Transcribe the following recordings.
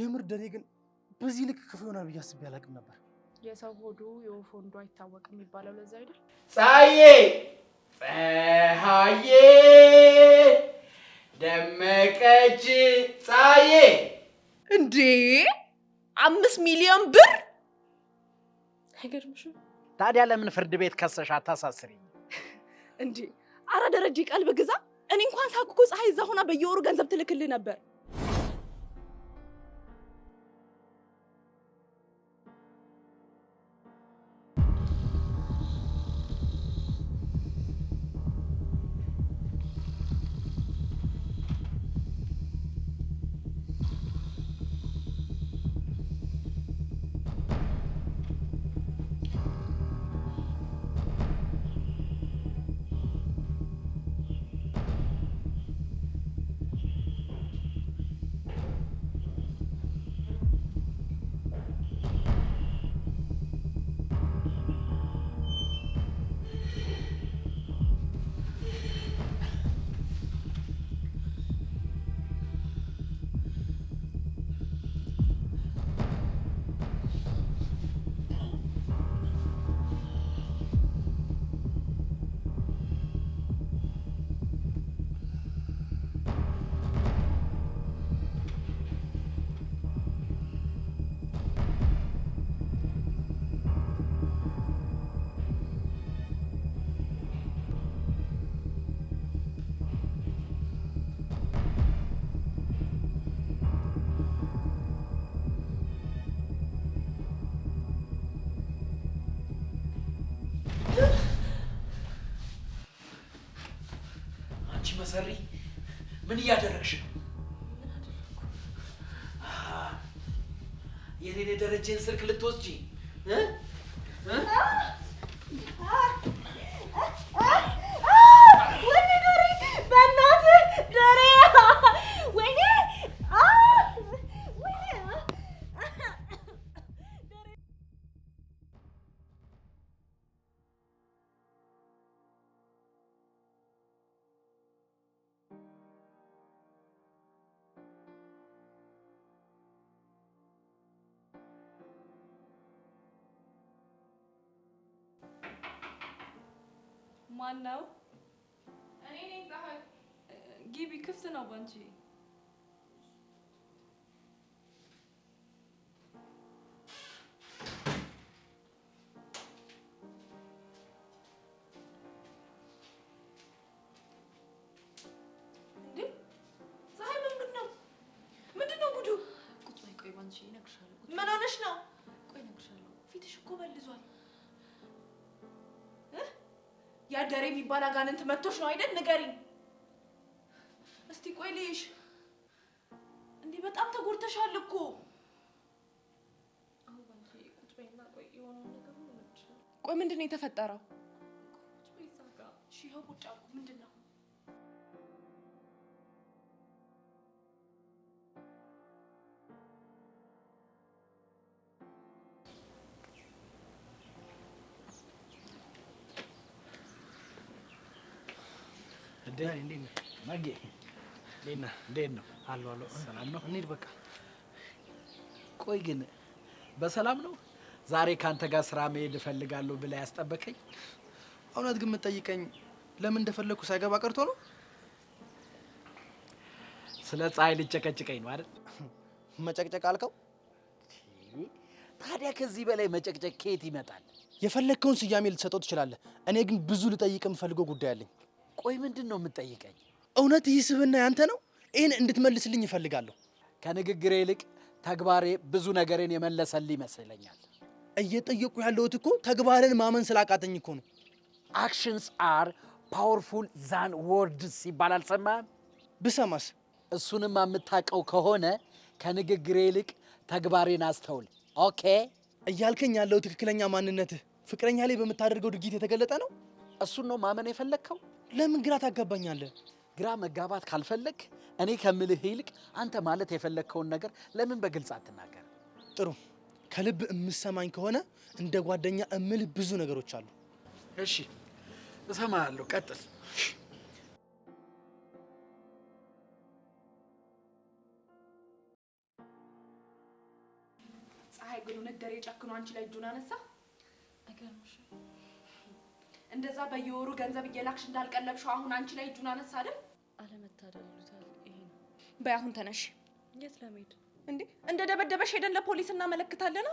የምር ደሬ ግን በዚህ ልክ ክፉ ይሆናል ብዬ አስቤ አላውቅም ነበር። የሰው ሆዱ የወፍ ወንዱ አይታወቅም የሚባለው ለዛ አይደል? ፀሐዬ ፀሐዬ ደመቀች ፀሐዬ። እንዴ አምስት ሚሊዮን ብር አይገርምሽም? ታዲያ ለምን ፍርድ ቤት ከሰሽ አታሳስሪ? እንዴ አረ ደረጀ ቃል በግዛ እኔ እንኳን ሳኩኩ ፀሐይ እዛ ሆና በየወሩ ገንዘብ ትልክልህ ነበር አሰሪ ምን እያደረግሽ ነው? የኔን የደረጀን ስልክ ልትወስጂ ማን ነው? እኔ ነኝ ፀሐይ። ግቢ ክፍት ነው ባንቺ አይገሬ የሚባል አጋንንት መቶሽ ነው አይደል? ንገሪኝ እስቲ። ቆይ ልይሽ እንዴ! በጣም ተጎድተሻል እኮ ቆይ ምንድን ነው የተፈጠረው? ምንድን ነው እንዴት ነው? አለሁ አለሁ። ሰላም ነው? እንሂድ በቃ። ቆይ ግን በሰላም ነው? ዛሬ ከአንተ ጋር ስራ መሄድ እፈልጋለሁ ብለህ ያስጠበቀኝ? እውነት ግን የምትጠይቀኝ ለምን እንደፈለግኩ ሳይገባ ቀርቶ ነው? ስለ ፀሐይ ልጨቀጭቀኝ ነው አይደል? መጨቅጨቅ አልከው። ታዲያ ከዚህ በላይ መጨቅጨቅ ከየት ይመጣል? የፈለግከውን ስያሜ ልትሰጠው ትችላለህ። እኔ ግን ብዙ ልጠይቅ የምፈልገው ጉዳይ አለኝ። ቆይ ምንድን ነው የምትጠይቀኝ? እውነት ይህ ስብና ያንተ ነው? ይህን እንድትመልስልኝ እፈልጋለሁ። ከንግግሬ ይልቅ ተግባሬ ብዙ ነገሬን የመለሰል ይመስለኛል። እየጠየቁ ያለሁት እኮ ተግባርን ማመን ስላቃተኝ እኮ ነው። አክሽንስ አር ፓወርፉል ዛን ወርድስ ይባላል። አልሰማህም? ብሰማስ? እሱንም የምታውቀው ከሆነ ከንግግሬ ይልቅ ተግባሬን አስተውል። ኦኬ። እያልከኝ ያለው ትክክለኛ ማንነትህ ፍቅረኛ ላይ በምታደርገው ድርጊት የተገለጠ ነው። እሱን ነው ማመን የፈለግከው? ለምን ግራ ታጋባኛለህ? ግራ መጋባት ካልፈለግ እኔ ከምልህ ይልቅ አንተ ማለት የፈለግከውን ነገር ለምን በግልጽ አትናገር? ጥሩ ከልብ የምሰማኝ ከሆነ እንደ ጓደኛ እምልህ ብዙ ነገሮች አሉ። እሺ እሰማሃለሁ፣ ቀጥል። ፀሐይ ግን እውነት ደሬ አንቺ ላይ እጁን አነሳ። አይገርምሽ? እንደዛ በየወሩ ገንዘብ እየላክሽ እንዳልቀለብሽው አሁን አንቺ ላይ እጁን አነሳ አይደል? አለመታደል ይሄ ነው። በይ አሁን ተነሽ። የት ለመሄድ እንዴ? እንደ ደበደበሽ ሄደን ለፖሊስ እናመለክታለና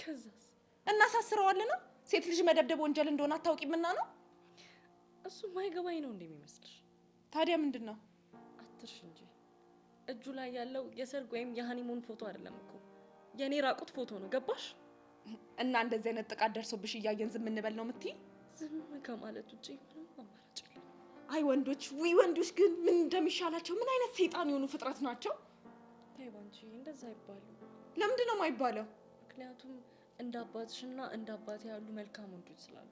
ከዛስ እናሳስረዋለና። ሴት ልጅ መደብደብ ወንጀል እንደሆነ አታውቂምና ነው። እሱ ማይገባኝ ነው እንደሚመስልሽ። ታዲያ ምንድን ነው አትርሽ እንጂ እጁ ላይ ያለው የሰርግ ወይም የሃኒሙን ፎቶ አይደለም እኮ የኔ ራቁት ፎቶ ነው። ገባሽ? እና እንደዚህ አይነት ጥቃት ደርሶብሽ እያየን ዝም እንበል ነው የምትይ? ከማለት ውጭ ምንም አማራጭ የለም። አይ ወንዶች ውይ ወንዶች ግን ምን እንደሚሻላቸው ምን አይነት ሰይጣን የሆኑ ፍጥረት ናቸው። ተይ ባንቺ እንደዛ አይባሉ። ለምንድን ነው የማይባለው? ምክንያቱም እንደ አባትሽ እና እንደ አባት ያሉ መልካም ወንዶች ስላሉ።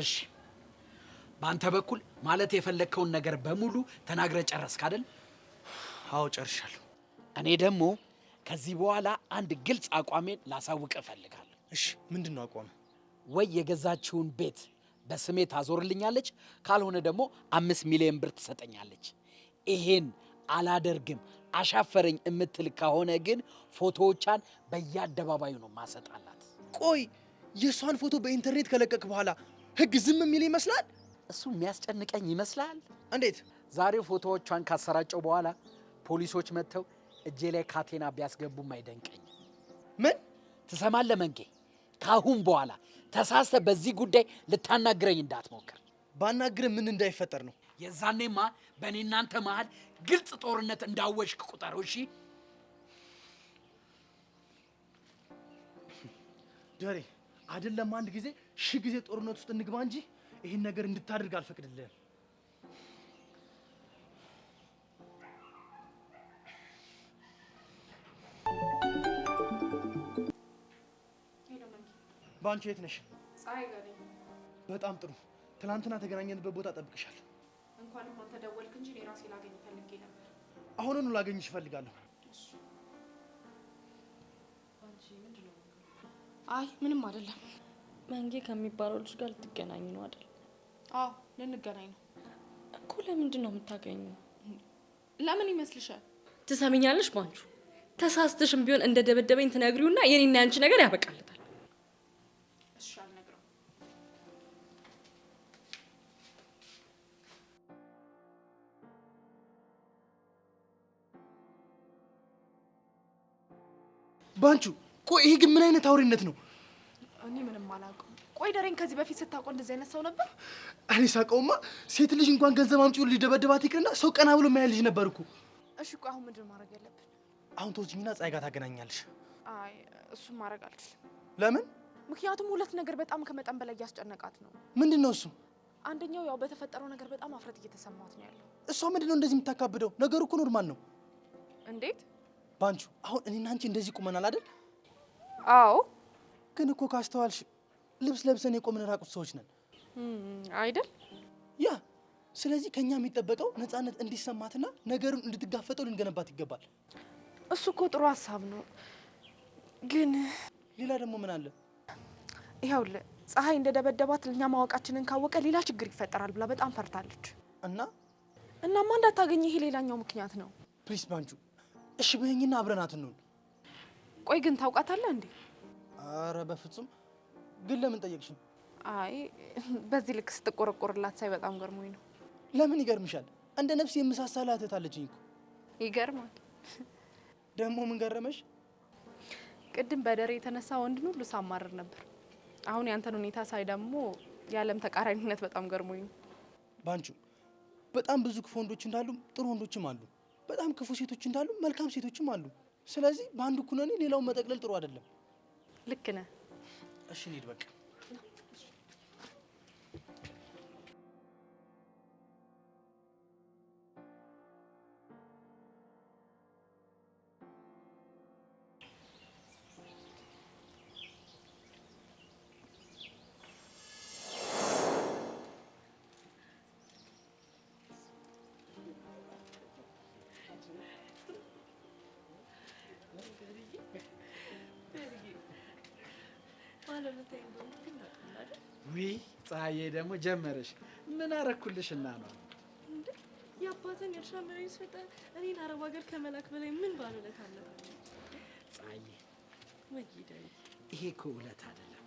እሺ በአንተ በኩል ማለት የፈለግከውን ነገር በሙሉ ተናግረ ጨረስክ አይደል? አዎ ጨርሻለሁ። እኔ ደግሞ ከዚህ በኋላ አንድ ግልጽ አቋሜን ላሳውቅ እፈልጋለሁ። እሺ፣ ምንድን ነው አቋም? ወይ የገዛችውን ቤት በስሜ ታዞርልኛለች፣ ካልሆነ ደግሞ አምስት ሚሊዮን ብር ትሰጠኛለች። ይሄን አላደርግም አሻፈረኝ የምትል ከሆነ ግን ፎቶዎቿን በየአደባባዩ ነው ማሰጣላት። ቆይ የእሷን ፎቶ በኢንተርኔት ከለቀቅ በኋላ ህግ ዝም የሚል ይመስላል? እሱ የሚያስጨንቀኝ ይመስላል። እንዴት? ዛሬ ፎቶዎቿን ካሰራጨው በኋላ ፖሊሶች መጥተው እጄ ላይ ካቴና ቢያስገቡም አይደንቀኝ። ምን ትሰማለህ መንጌ? ካሁን በኋላ ተሳስተ በዚህ ጉዳይ ልታናግረኝ እንዳትሞክር። ባናግር ምን እንዳይፈጠር ነው? የዛኔማ በእኔ እናንተ መሀል ግልጽ ጦርነት እንዳወሽክ ቁጠር። እሺ ጀሬ፣ አይደለም አንድ ጊዜ ሺ ጊዜ ጦርነት ውስጥ እንግባ እንጂ ይህን ነገር እንድታደርግ አልፈቅድልህም። ባንቺ የት ነሽ? ፀሐይ ጋር ነኝ። በጣም ጥሩ። ትናንትና ተገናኘንበት ቦታ ጠብቅሻለሁ። እንኳንም አንተ ደወልክ እንጂ እኔ ራሴ ላገኝ ፈልጌ ነበር። አሁኑኑ ላገኝሽ እፈልጋለሁ። አይ ምንም አይደለም። መንጌ ከሚባለው ልጅ ጋር ልትገናኝ ነው አይደል? አዎ ልንገናኝ ነው እኮ። ለምንድን ነው የምታገኙ? ለምን ይመስልሻል? ትሰሚኛለሽ ባንቹ፣ ተሳስተሽም ቢሆን እንደ ደበደበኝ ትነግሪውና የኔና ያንቺ ነገር ያበቃለታል። ባንቹ፣ ቆይ ይሄ ግን ምን አይነት አውሬነት ነው? እኔ ምንም አላውቅም። ቆይ ደሬን ከዚህ በፊት ስታውቀው እንደዚህ አይነት ሰው ነበር? እኔ ሳውቀውማ ሴት ልጅ እንኳን ገንዘብ አምጪው ሊደበድባት ይቅርና ሰው ቀና ብሎ የማያይ ልጅ ነበር እኮ። እሺ እኮ አሁን ምንድን ማድረግ ያለብን? አሁን ተወጂኝና ፀሐይ ጋር ታገናኛለሽ። አይ እሱም ማድረግ አልችልም። ለምን? ምክንያቱም ሁለት ነገር በጣም ከመጠን በላይ እያስጨነቃት ነው። ምንድን ነው እሱ? አንደኛው ያው በተፈጠረው ነገር በጣም አፍረት እየተሰማት ነው ያለው። እሷ ምንድን ነው እንደዚህ የምታካብደው? ነገሩ እኮ ኖርማል ነው። እንዴት ባንቹ? አሁን እኔና አንቺ እንደዚህ ቁመናል አይደል? አዎ። ግን እኮ ካስተዋልሽ ልብስ ለብሰን የቆምን ራቁት ሰዎች ነን አይደል? ያ ስለዚህ ከኛ የሚጠበቀው ነፃነት እንዲሰማትና ነገሩን እንድትጋፈጠው ልንገነባት ይገባል። እሱ እኮ ጥሩ ሀሳብ ነው፣ ግን ሌላ ደግሞ ምን አለ? ይኸውልህ ፀሐይ እንደ ደበደባት እኛ ማወቃችንን ካወቀ ሌላ ችግር ይፈጠራል ብላ በጣም ፈርታለች። እና እናማ እንዳታገኝ ይሄ ሌላኛው ምክንያት ነው። ፕሊስ ባንቹ፣ እሺ በይኝና አብረናት ቆይ ግን ታውቃታለህ እንዴ? አረ በፍጹም ግን ለምን ጠየቅሽኝ? አይ በዚህ ልክ ስትቆረቆርላት ሳይ በጣም ገርሞኝ ነው። ለምን ይገርምሻል? እንደ ነፍስ የምሳሳላ እህት አለችኝ እኮ። ይገርማል። ደግሞ ምን ገረመሽ? ቅድም በደሬ የተነሳ ወንድን ሁሉ ሳማርር ነበር። አሁን ያንተን ሁኔታ ሳይ ደግሞ የዓለም ተቃራኒነት በጣም ገርሞኝ ነው። ባንቹ በጣም ብዙ ክፉ ወንዶች እንዳሉ ጥሩ ወንዶችም አሉ፣ በጣም ክፉ ሴቶች እንዳሉ መልካም ሴቶችም አሉ። ስለዚህ በአንዱ ኩነኔ ሌላውን መጠቅለል ጥሩ አይደለም። ልክ ነህ። እሺ እንሂድ በቃ ውይ ፀሐዬ ደግሞ ጀመረሽ። ምን አረኩልሽና ነው የአባትን የእርሻ መሬት ስጠ እኔን አረብ ሀገር ከመላክ በላይ ምን ባለውለት አለባቸው? ፀሐዬ ይሄ እኮ ውለት አይደለም።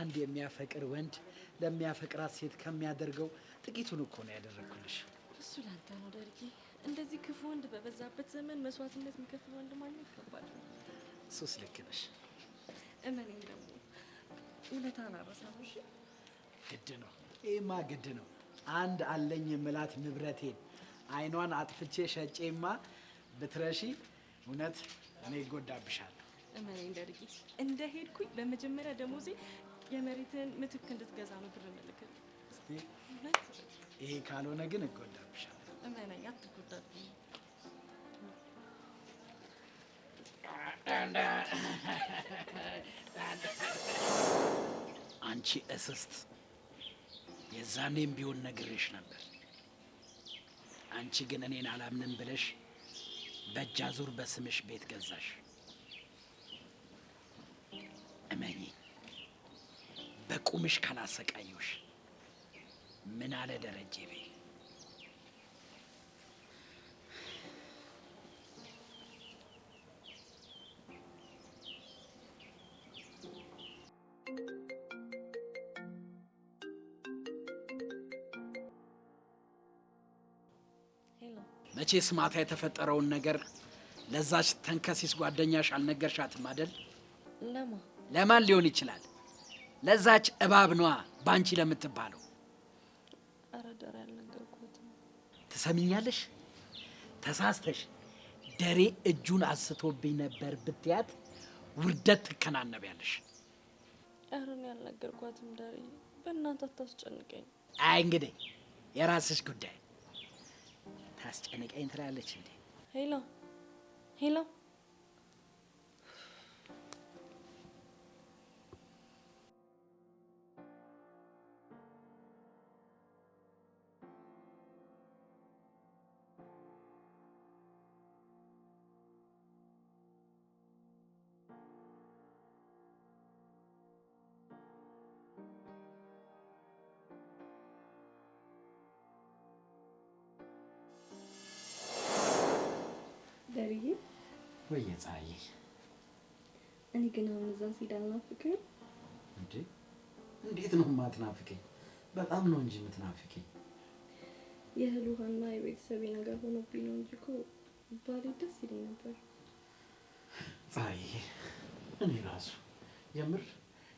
አንድ የሚያፈቅር ወንድ ለሚያፈቅራት ሴት ከሚያደርገው ጥቂቱን እኮ ነው ያደረግኩልሽ። እሱ ላንተ ነው ደርጊ። እንደዚህ ክፉ ወንድ በበዛበት ዘመን መስዋዕትነት የሚከፍል ወንድ ማግኘት ከባድ ነው። ሱስ ልክ ነሽ። እመኔም ደግሞ ውለታን አረሳሽ። ግድ ነው ይሄማ፣ ግድ ነው። አንድ አለኝ የምላት ንብረቴን አይኗን አጥፍቼ ሸጬማ ብትረሺ እውነት እኔ ይጎዳብሻለሁ። እመኔን ደርጊ። እንደ ሄድኩኝ በመጀመሪያ ደሞዜ የመሬትን ምትክ እንድትገዛ ነው ብር ምልክል። ይሄ ካልሆነ ግን እጎዳብሻለሁ። እመነኝ፣ አትጎዳብኝ አንቺ እስስት የዛኔም ቢሆን ነግሬሽ ነበር። አንቺ ግን እኔን አላምንም ብለሽ በእጃ ዙር በስምሽ ቤት ገዛሽ። እመኚ፣ በቁምሽ ካላሰቃየሽ ምን አለ ደረጀ ቤት መቼ ስማታ የተፈጠረውን ነገር ለዛች ተንከሲስ ጓደኛሽ አልነገርሻትም አደል? ለማ ለማን ሊሆን ይችላል? ለዛች እባብ ነዋ ባንቺ ለምትባለው። አረደር ያልነገርኩትም። ትሰሚኛለሽ? ተሳስተሽ ደሬ እጁን አስቶብኝ ነበር ብትያት ውርደት ትከናነብያለሽ። እርን ያልነገርኳትም ዳሪ በእናንተ አታስጨንቀኝ። አይ እንግዲህ የራስሽ ጉዳይ። ታስጨንቀኝ ትላለች እንዴ? ሄሎ ሄሎ ወይ የፀሐይ እኔ ግን አሁን እዛ ስሄድ አልናፍቅም እንዴ? እንዴት ነው የማትናፍቀኝ? በጣም ነው እንጂ የምትናፍቀኝ። የእህል ውሃና የቤተሰቤ ነገር ሆኖብኝ ነው እንጂ እኮ ባሌ ደስ ይለኝ ነበር። ፀሐይ እኔ ራሱ የምር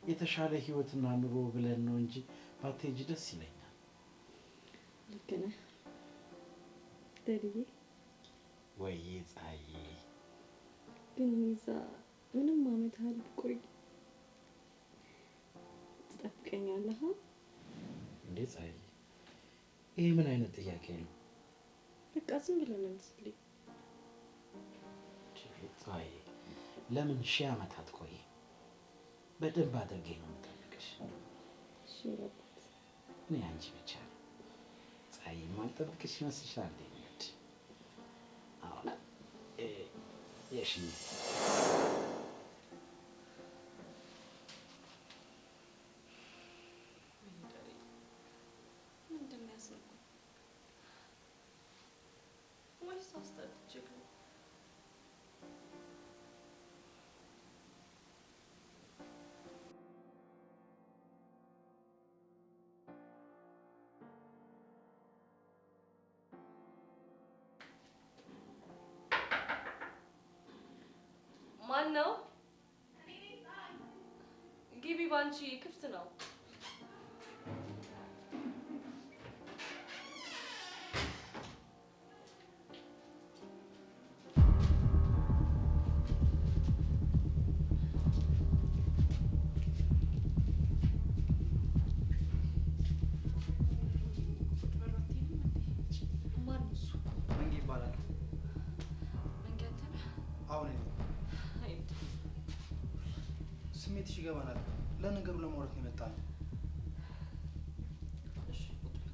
የተሻለ ህይወትና ኑሮ ብለን ነው እንጂ ባቴጅ ደስ ይለኛል። ልክ ነህ ደልዬ። ወይ ፀሐይ ግን ይዛ ምንም አመት ያህል ብቆይ ትጠብቀኛለህ? እንዴ ፀሐይ፣ ይሄ ምን አይነት ጥያቄ ነው? በቃ ዝም ብለህ መልስልኝ። ፀሐይ፣ ለምን ሺህ አመታት ቆይ? በደንብ አድርጌ ነው የምጠብቅሽ። እኔ አንቺ ብቻ ነው ፀሐይ፣ የማልጠብቅሽ ይመስልሻል? እንዴ አሁን 也是。ማነው? ግቢ ባንቺ ክፍት ነው። ስሜትሽ ይገባናል። ለነገሩ ለማውራት ነው የመጣ ነው። እሺ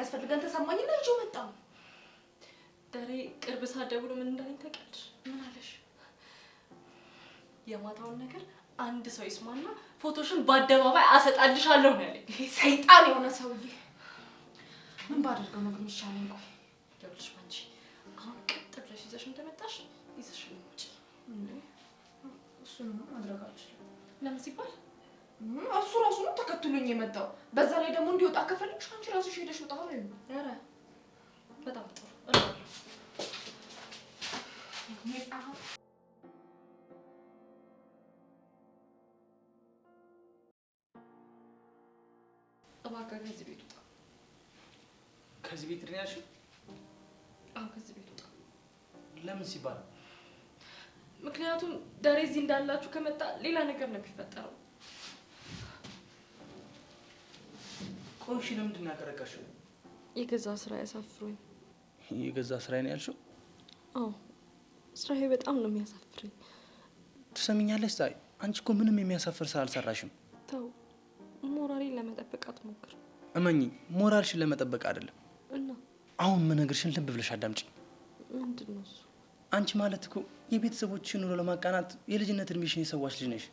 እንደሚያስፈልገን ተሰማኝና ይዤው መጣሁ። ዛሬ ቅርብ ሰዓት ደውሎ ምን እንዳለኝ ታውቂያለሽ? ምን አለሽ? የማታውን ነገር አንድ ሰው ይስማና ፎቶሽን በአደባባይ አሰጣልሻለሁ ነው ያለኝ። ይሄ ሰይጣን የሆነ ሰውዬ። ምን ባደርገው ነው ግን ይሻለኝ? ቆይ ደውልሽ ባንቺ አሁን ቀጥ ብለሽ ይዘሽ እንደመጣሽ ይዘሽ ነው ውጪ። እሱን ማድረግ አልችልም። ለምን ሲባል እሱ ራሱ ነው ተከትሎኝ የመጣው። በዛ ላይ ደግሞ እንዲወጣ ከፈለግሽ አንቺ ራስሽ ሄደሽ ወጣ። ኧረ በጣም ጥሩ እባክህ ከዚህ ቤት ውጣ። ከዚህ ቤት ነው ያልሽኝ? አዎ ከዚህ ቤት ውጣ። ለምን ሲባል? ምክንያቱም ዳሬ እዚህ እንዳላችሁ ከመጣ ሌላ ነገር ነው የሚፈጠረው። ሆን ሺ ለምንድን ነው የገዛ ስራ ያሳፍሩኝ። የገዛ ስራ ነው ያልሽው? አዎ ስራዬ በጣም ነው የሚያሳፍረኝ። ትሰሚኛለሽ ፀሐይ፣ አንቺ እኮ ምንም የሚያሳፍር ስራ አልሰራሽም። ተው ሞራሌን ለመጠበቅ አትሞክር። ሞራልሽን ለመጠበቅ አይደለም። እና አሁን ምነግርሽን ልብ ብለሽ አዳምጪ። ምንድን ነው እሱ? አንቺ ማለት እኮ የቤተሰቦችሽን ኑሮ ለማቃናት የልጅነት እድሜሽን የሰዋሽ ልጅ ነሽ።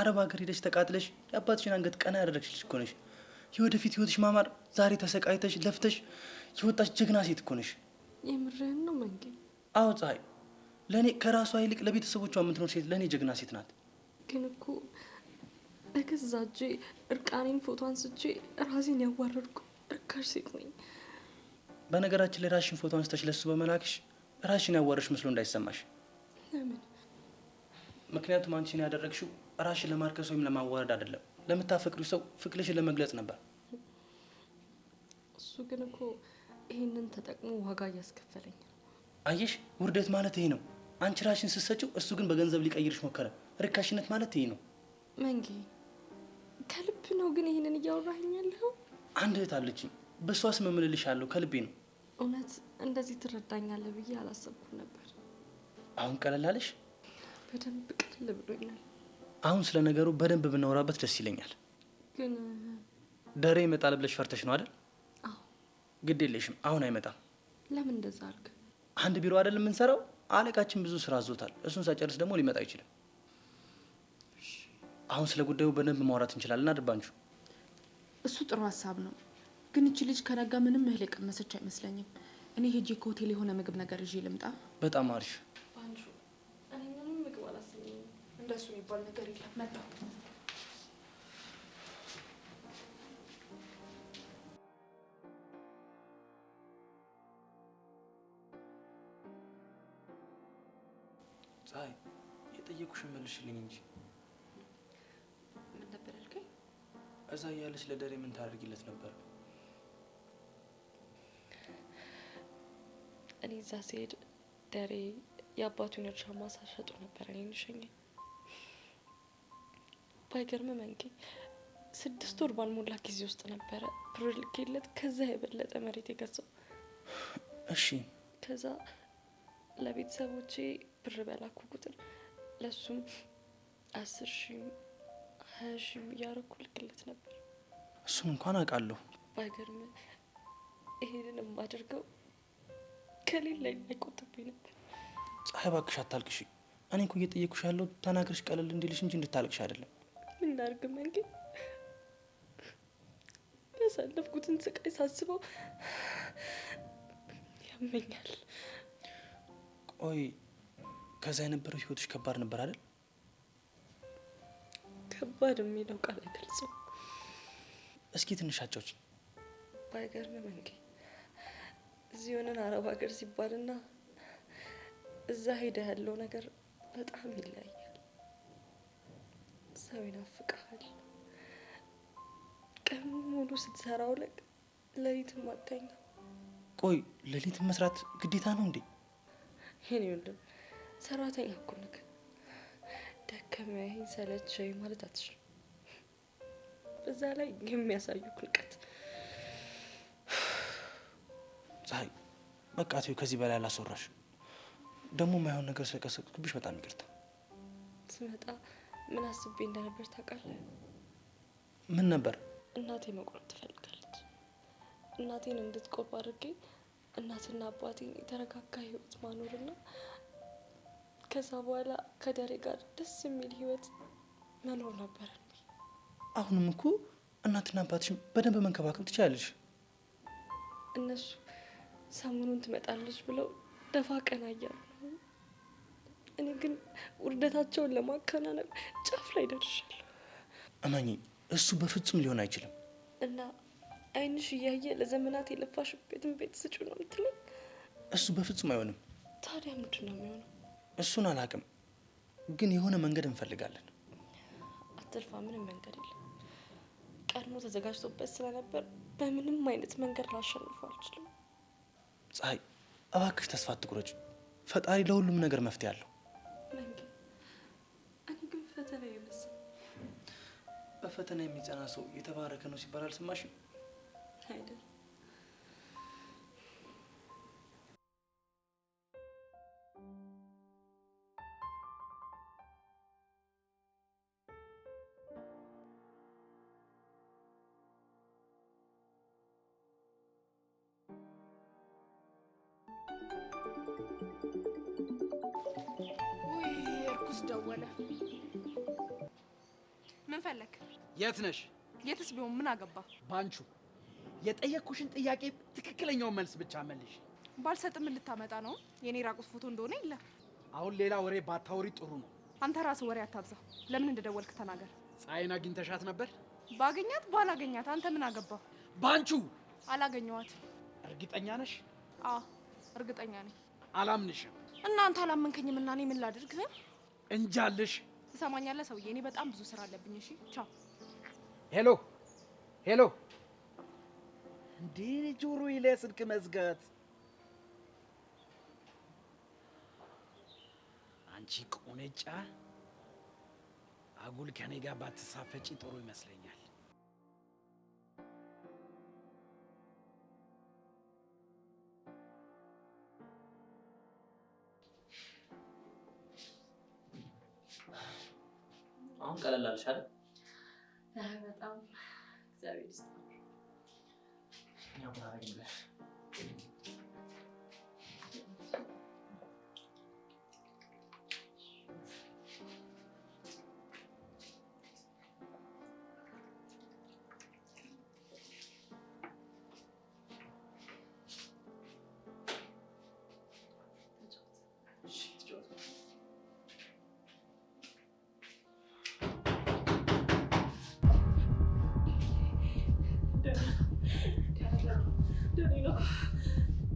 አረብ ሀገር ሄደሽ ተቃጥለሽ የአባትሽን አንገት ቀና ያደረግሽ ልጅ እኮ ነሽ። የወደፊት ህይወትሽ ማማር ዛሬ ተሰቃይተሽ ለፍተሽ የወጣች ጀግና ሴት እኮ ነሽ። የምርህን ነው መንጌ? አዎ ፀሐይ፣ ለእኔ ከራሷ ይልቅ ለቤተሰቦቿ የምትኖር ሴት ለእኔ ጀግና ሴት ናት። ግን እኮ በገዛ እጄ እርቃኔን ፎቶ አንስቼ ራሴን ያዋረድኩ እርካሽ ሴት ነኝ። በነገራችን ላይ ራሽን ፎቶ አንስተሽ ለሱ በመላክሽ ራሽን ያዋረሽ መስሎ እንዳይሰማሽ። ለምን? ምክንያቱም አንቺን ያደረግሽው ራሽን ለማርከስ ወይም ለማዋረድ አይደለም ለምታፈቅዱ ሰው ፍቅርሽን ለመግለጽ ነበር። እሱ ግን እኮ ይህንን ተጠቅሞ ዋጋ እያስከፈለኝ አየሽ፣ ውርደት ማለት ይሄ ነው። አንቺ ራሽን ስትሰጪው፣ እሱ ግን በገንዘብ ሊቀይርሽ ሞከረ። ርካሽነት ማለት ይሄ ነው። መንጌ፣ ከልብ ነው ግን ይህንን እያወራኸኝ ያለው አንድ እህት አለችኝ፣ በእሷ ስም እምልልሻለሁ፣ ከልቤ ነው። እውነት እንደዚህ ትረዳኛለህ ብዬ አላሰብኩም ነበር። አሁን ቀለል አለሽ? በደንብ ቀለል ብሎኛል። አሁን ስለ ነገሩ በደንብ ብናወራበት ደስ ይለኛል። ግን ደሬ ይመጣል ብለሽ ፈርተሽ ነው አይደል? ግድ የለሽም አሁን አይመጣም። ለምን እንደዛ አልክ? አንድ ቢሮ አይደል የምንሰራው? አለቃችን ብዙ ስራ አዞታል። እሱን ሳጨርስ ደግሞ ሊመጣ አይችልም። አሁን ስለ ጉዳዩ በደንብ ማውራት እንችላለን። አድባንቹ እሱ ጥሩ ሀሳብ ነው። ግን እቺ ልጅ ከነጋ ምንም እህል የቀመሰች አይመስለኝም። እኔ ሄጄ ከሆቴል የሆነ ምግብ ነገር ይዤ ልምጣ። በጣም አሪፍ ለሱ የሚባል ነገር የለም። መጣ ፀሐይ፣ የጠየቁሽን መልሽልኝ እንጂ። ምን ነበር ያልከኝ? እዛ እያለች ለደሬ ምን ታደርጊለት ነበር? እኔ እዛ ስሄድ ደሬ የአባቱን እርሻ ማሳ ሸጦ ነበር እኔን ባይገርምም መንጌ ስድስት ወር ባልሞላ ጊዜ ውስጥ ነበረ ብር ልኬለት ከዛ የበለጠ መሬት የገዛው። እሺ ከዛ ለቤተሰቦቼ ብር በላኩ ቁጥር ለሱም አስር ሺም ሀያ ሺም እያረኩ ልክለት ነበር። እሱን እንኳን አውቃለሁ። ባይገርም ይሄንን የማደርገው ከሌለኝ አይቆጥብኝ ነበር። ፀሐይ፣ እባክሽ አታልቅሽ። እኔ እኮ እየጠየኩሽ ያለው ተናግርሽ ቀለል እንዲልሽ እንጂ እንድታልቅሽ አይደለም። ምን ላድርግ ያሳለፍኩትን ስቃይ ሳስበው ያመኛል። ቆይ ከዛ የነበረው ህይወቶች ከባድ ነበር አይደል? ከባድ የሚለው ቃል አይገልጽም። እስኪ ትንሽ አጫዎች። ባይገርም መንጌ እዚህ የሆነን አረብ ሀገር ሲባልና እዛ ሄደ ያለው ነገር በጣም ይለያል። ሰው ይናፍቅሃል። ቀን ሙሉ ስትሰራው ለቅ ለሊት ማተኛ። ቆይ ለሊት መስራት ግዴታ ነው እንዴ? ይህን ወንድም ሰራተኛ እኮ ነህ። ደከመኝ ሰለቸኝ ማለት አትችልም። በዛ ላይ የሚያሳዩክ ንቀት። ፀሐይ በቃ ተይው፣ ከዚህ በላይ አላስወራሽ። ደግሞ የማይሆን ነገር ስለቀሰቅኩብሽ በጣም ይቅርታ። ስመጣ ምን አስቤ እንደነበር ታውቃለህ? ምን ነበር? እናቴ መቁረብ ትፈልጋለች። እናቴን እንድትቆርብ አድርጌ እናትና አባቴን የተረጋጋ ህይወት ማኖርና ከዛ በኋላ ከደሬ ጋር ደስ የሚል ህይወት መኖር ነበረ። አሁንም እኮ እናትና አባትሽም በደንብ መንከባከብ ትችላለች እነሱ ሰሞኑን ትመጣለች ብለው ደፋ ቀና እያሉ እኔ ግን ውርደታቸውን ለማከናነብ ጫፍ ላይ ደርሻለሁ። እመኚ፣ እሱ በፍጹም ሊሆን አይችልም። እና አይንሽ እያየ ለዘመናት የለፋሽበትን ቤት ስጩ ነው የምትለኝ? እሱ በፍጹም አይሆንም። ታዲያ ምንድን ነው የሚሆነው? እሱን አላውቅም፣ ግን የሆነ መንገድ እንፈልጋለን። አትልፋ፣ ምንም መንገድ የለም። ቀድሞ ተዘጋጅቶበት ስለነበር በምንም አይነት መንገድ ላሸንፈው አልችልም። ፀሐይ፣ እባክሽ ተስፋ አትቁረጭ። ፈጣሪ ለሁሉም ነገር መፍትሄ አለው። ፈተና የሚጸና ሰው የተባረከ ነው ሲባል አልሰማሽም? ደወለ። ምን ፈለክ? የት ነሽ? የትስ ቢሆን ምን አገባ? ባንቹ የጠየቅኩሽን ጥያቄ ትክክለኛውን መልስ ብቻ መልሽ። ባልሰጥም ልታመጣ ነው የኔ ራቁት ፎቶ እንደሆነ የለም። አሁን ሌላ ወሬ ባታወሪ ጥሩ ነው። አንተ ራስህ ወሬ አታብዛ። ለምን እንደደወልክ ተናገር። ፀሐይን አግኝተሻት ነበር? ባገኛት ባላገኛት አንተ ምን አገባ? ባንቹ አላገኘዋት። እርግጠኛ ነሽ? አዎ እርግጠኛ ነኝ። አላምንሽም። እናንተ አላመንከኝም እና እኔ ምን ላድርግ እንጃልሽ። ትሰማኛለህ ሰውዬ፣ እኔ በጣም ብዙ ስራ አለብኝ። እሺ ቻው ሄሎ ሄሎ፣ እንዴ ጆሮዬ ላይ ስልክ መዝጋት። አንቺ ቁንጫ አጉል ከኔ ጋር ባትሳፈጪ ጥሩ ይመስለኛል። አሁን ቀለል አልሻለም። 要不然，你们。